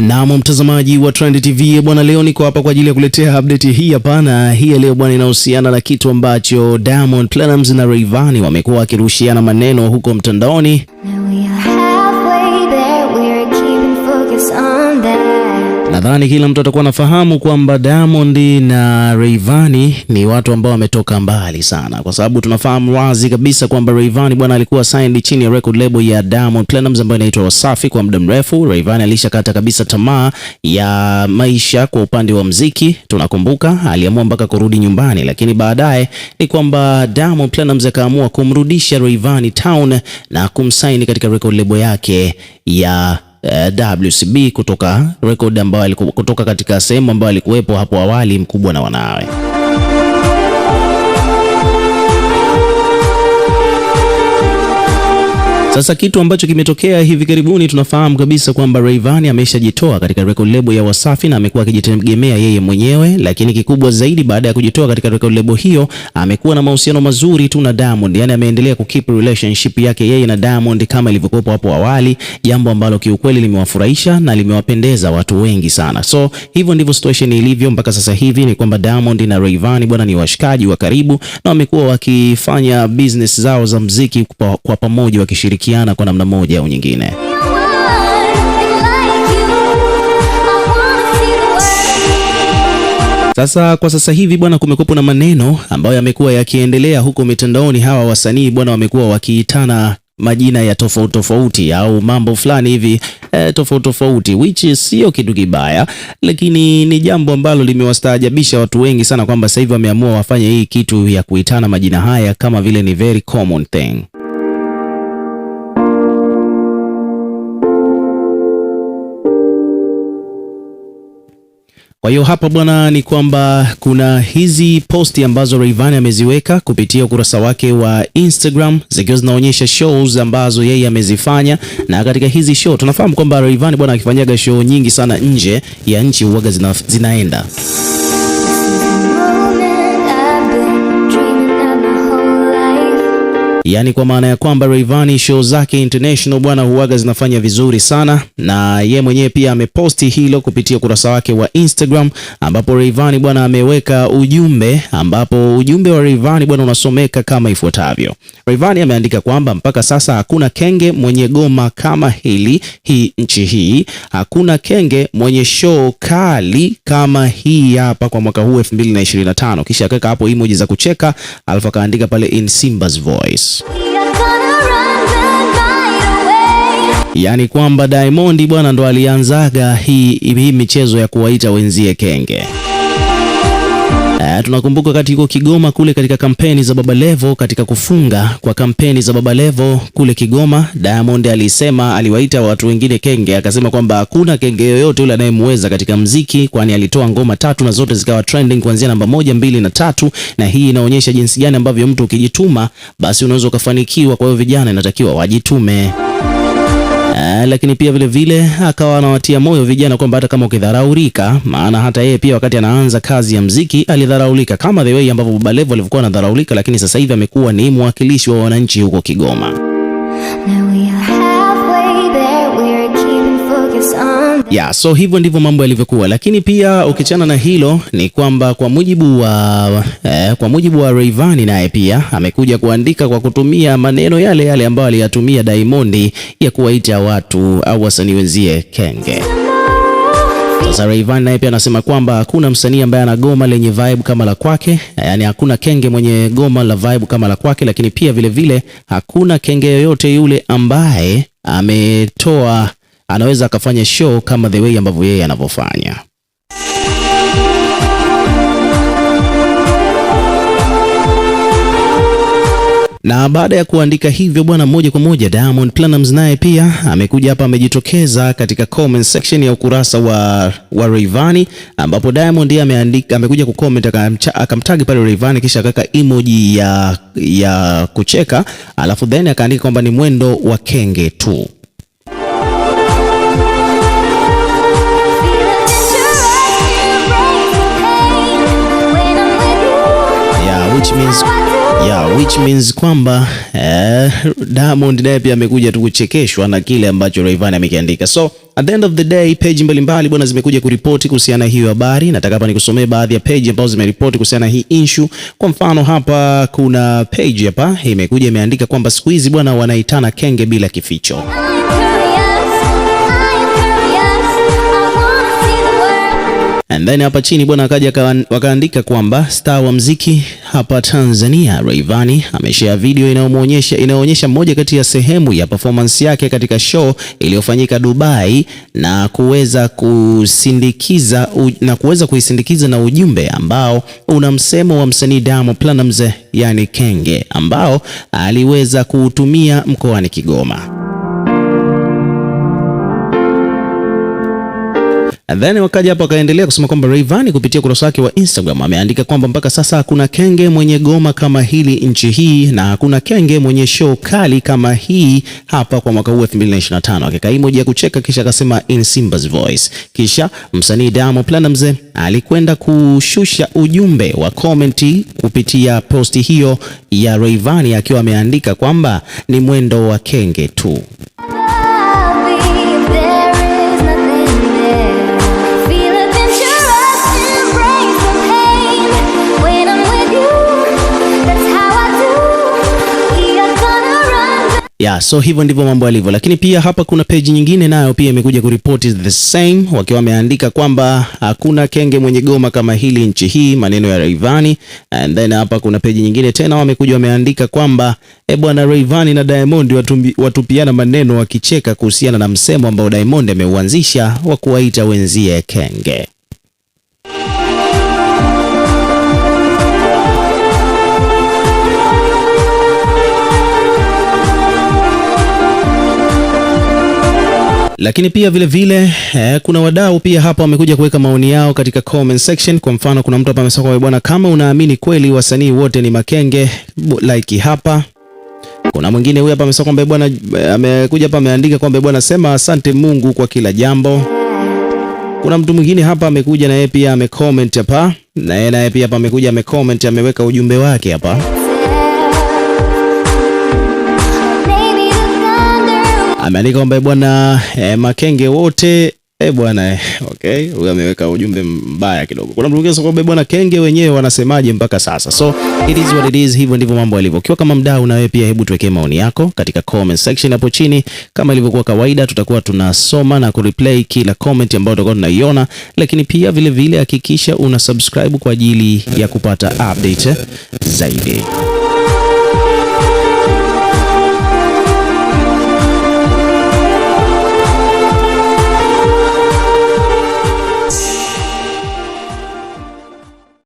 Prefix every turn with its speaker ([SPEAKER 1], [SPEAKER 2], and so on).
[SPEAKER 1] Naam, mtazamaji wa Trend TV bwana, leo niko hapa kwa ajili ya kuletea update hii. Hapana, hii leo bwana, inahusiana na kitu ambacho Diamond Platnumz na Rayvanny wamekuwa wakirushiana maneno huko mtandaoni. Nadhani kila mtu atakuwa anafahamu kwamba Diamond na Rayvanny ni watu ambao wametoka mbali sana, kwa sababu tunafahamu wazi kabisa kwamba Rayvanny bwana alikuwa signed chini ya record label ya Diamond Platnumz ambayo inaitwa Wasafi kwa muda mrefu. Rayvanny alishakata kabisa tamaa ya maisha kwa upande wa mziki, tunakumbuka aliamua mpaka kurudi nyumbani, lakini baadaye ni kwamba Diamond Platnumz akaamua kumrudisha Rayvanny town na kumsaini katika record label yake ya uh, eh, WCB kutoka record ambayo kutoka katika sehemu ambayo alikuwepo hapo awali Mkubwa na wanawe. Sasa kitu ambacho kimetokea hivi karibuni, tunafahamu kabisa kwamba Rayvanny ameshajitoa katika record label ya Wasafi na amekuwa akijitegemea yeye mwenyewe, lakini kikubwa zaidi, baada ya kujitoa katika record label hiyo, amekuwa na mahusiano mazuri tu na Diamond, yani ameendelea keep relationship yake yeye na Diamond kama ilivyokuwa hapo awali, jambo ambalo kiukweli limewafurahisha na limewapendeza watu wengi sana. So hivyo ndivyo situation ilivyo mpaka sasa hivi, ni kwamba Diamond na Rayvanny bwana ni washikaji wa karibu na wamekuwa wakifanya business zao za mziki kwa pamoja wakishiriki kushirikiana kwa namna moja au nyingine. Sasa kwa sasa hivi bwana, kumekuwepo na maneno ambayo yamekuwa yakiendelea huko mitandaoni. Hawa wasanii bwana, wamekuwa wakiitana majina ya tofauti tofauti au mambo fulani hivi eh, tofauti tofauti, which sio kitu kibaya, lakini ni jambo ambalo limewastaajabisha watu wengi sana, kwamba sasa hivi wameamua wafanye hii kitu ya kuitana majina haya kama vile ni very common thing. Kwa hiyo hapa bwana, ni kwamba kuna hizi posti ambazo Rayvanny ameziweka kupitia ukurasa wake wa Instagram zikiwa zinaonyesha shows ambazo yeye amezifanya, na katika hizi show tunafahamu kwamba Rayvanny bwana akifanyaga show nyingi sana nje ya nchi huaga zina, zinaenda yaani kwa maana ya kwamba Rayvanny show zake international bwana huaga zinafanya vizuri sana, na ye mwenyewe pia ameposti hilo kupitia ukurasa wake wa Instagram, ambapo Rayvanny bwana ameweka ujumbe, ambapo ujumbe wa Rayvanny bwana unasomeka kama ifuatavyo. Rayvanny ameandika kwamba mpaka sasa hakuna kenge mwenye goma kama hili hii nchi hii, hakuna kenge mwenye show kali kama hii hapa kwa mwaka huu 2025, kisha akaweka hapo emoji za kucheka, alafu akaandika pale in Simba's voice Yaani kwamba Diamond bwana ndo alianzaga hii hii michezo ya kuwaita wenzie kenge. E, tunakumbuka wakati yuko Kigoma kule katika kampeni za Baba Levo, katika kufunga kwa kampeni za Baba Levo kule Kigoma, Diamond alisema, aliwaita watu wengine kenge, akasema kwamba hakuna kenge yoyote yule anayemweza katika mziki, kwani alitoa ngoma tatu na zote zikawa trending kuanzia namba moja, mbili na tatu, na hii inaonyesha jinsi gani ambavyo mtu ukijituma basi unaweza ukafanikiwa. Kwa hiyo vijana inatakiwa wajitume. Eh, lakini pia vile vile akawa anawatia moyo vijana kwamba hata kama ukidharaulika, maana hata yeye pia wakati anaanza kazi ya mziki alidharaulika kama the way ambavyo Baba Levo alivyokuwa anadharaulika, lakini sasa hivi amekuwa ni mwakilishi wa wananchi huko Kigoma. Now we are yeah, so hivyo ndivyo mambo yalivyokuwa, lakini pia ukichana na hilo ni kwamba kwa mujibu wa eh, kwa mujibu wa Rayvanny naye pia amekuja kuandika kwa kutumia maneno yale yale ambayo aliyatumia Diamond ya kuwaita watu au wasanii wenzie kenge. Sasa Rayvanny naye pia anasema kwamba hakuna msanii ambaye ana goma lenye vibe kama la kwake, yaani hakuna kenge mwenye goma la vibe kama la kwake, lakini pia vilevile vile, hakuna kenge yoyote yule ambaye ametoa anaweza akafanya show kama the way ambavyo yeye anavyofanya. Na baada ya kuandika hivyo bwana, moja kwa moja Diamond Platnumz naye pia amekuja hapa, amejitokeza katika comment section ya ukurasa wa, wa Rayvanny ambapo Diamond yeye ameandika, amekuja kucomment akamtagi pale Rayvanny, kisha akaka emoji ya, ya kucheka alafu then akaandika kwamba ni mwendo wa kenge tu. which means yeah, which means kwamba eh, Diamond naye pia amekuja tu kuchekeshwa na kile ambacho Rayvanny amekiandika. So at the end of the day page mbalimbali bwana zimekuja kuripoti kuhusiana hiyo habari. Nataka hapa nikusomee baadhi ya page ambazo zimeripoti kuhusiana na hii issue. Kwa mfano hapa kuna page hapa imekuja imeandika kwamba siku hizi bwana wanaitana kenge bila kificho. And then hapa chini bwana akaja wakaandika kwamba star wa mziki hapa Tanzania Rayvanny ameshare video inayomuonyesha inayoonyesha moja kati ya sehemu ya performance yake katika show iliyofanyika Dubai na kuweza kusindikiza na kuweza kuisindikiza na ujumbe ambao una msemo wa msanii Diamond Platnumz yani Kenge ambao aliweza kuutumia mkoani Kigoma. And then wakaja hapo wakaendelea kusema kwamba Rayvanny kupitia ukurasa wake wa Instagram ameandika kwamba mpaka sasa hakuna kenge mwenye goma kama hili nchi hii na hakuna kenge mwenye show kali kama hii hapa kwa mwaka huu 2025. Akaweka emoji ya kucheka kisha akasema in Simba's voice. Kisha msanii Diamond Platnumz alikwenda kushusha ujumbe wa komenti kupitia posti hiyo ya Rayvanny akiwa ameandika kwamba ni mwendo wa kenge tu. Yeah, so hivyo ndivyo mambo yalivyo, lakini pia hapa kuna page nyingine nayo pia imekuja kuripoti the same, wakiwa wameandika kwamba hakuna kenge mwenye goma kama hili nchi hii, maneno ya Rayvanny. And then hapa kuna page nyingine tena wamekuja wameandika kwamba e bwana Rayvanny na Diamond watupiana maneno wakicheka kuhusiana na msemo ambao Diamond ameuanzisha wa kuwaita wenzie kenge. Lakini pia vile vile eh, kuna wadau pia hapa wamekuja kuweka maoni yao katika comment section. Kwa mfano, kuna mtu hapa amesema bwana, kama unaamini kweli wasanii wote ni makenge, like hapa kuna mwingine huyu hapa amesema kwamba bwana, eh, amekuja hapa ameandika kwamba bwana, sema asante Mungu kwa kila jambo. Kuna mtu mwingine hapa amekuja na yeye pia amecomment hapa, na yeye naye pia hapa amekuja amecomment, ameweka ujumbe wake hapa. ameandika kwamba bwana eh, Makenge wote eh, bwana eh, okay, huyo ameweka ujumbe mbaya kidogo. Kuna mtu mwingine kwamba bwana Kenge wenyewe wanasemaje mpaka sasa? So it is what it is, hivyo ndivyo mambo yalivyo. Ukiwa kama mdau, na wewe pia, hebu tuwekee maoni yako katika comment section hapo chini. Kama ilivyokuwa kawaida, tutakuwa tunasoma na kureplay kila comment ambayo tutakuwa tunaiona, lakini pia vile vile hakikisha una subscribe kwa ajili ya kupata update zaidi.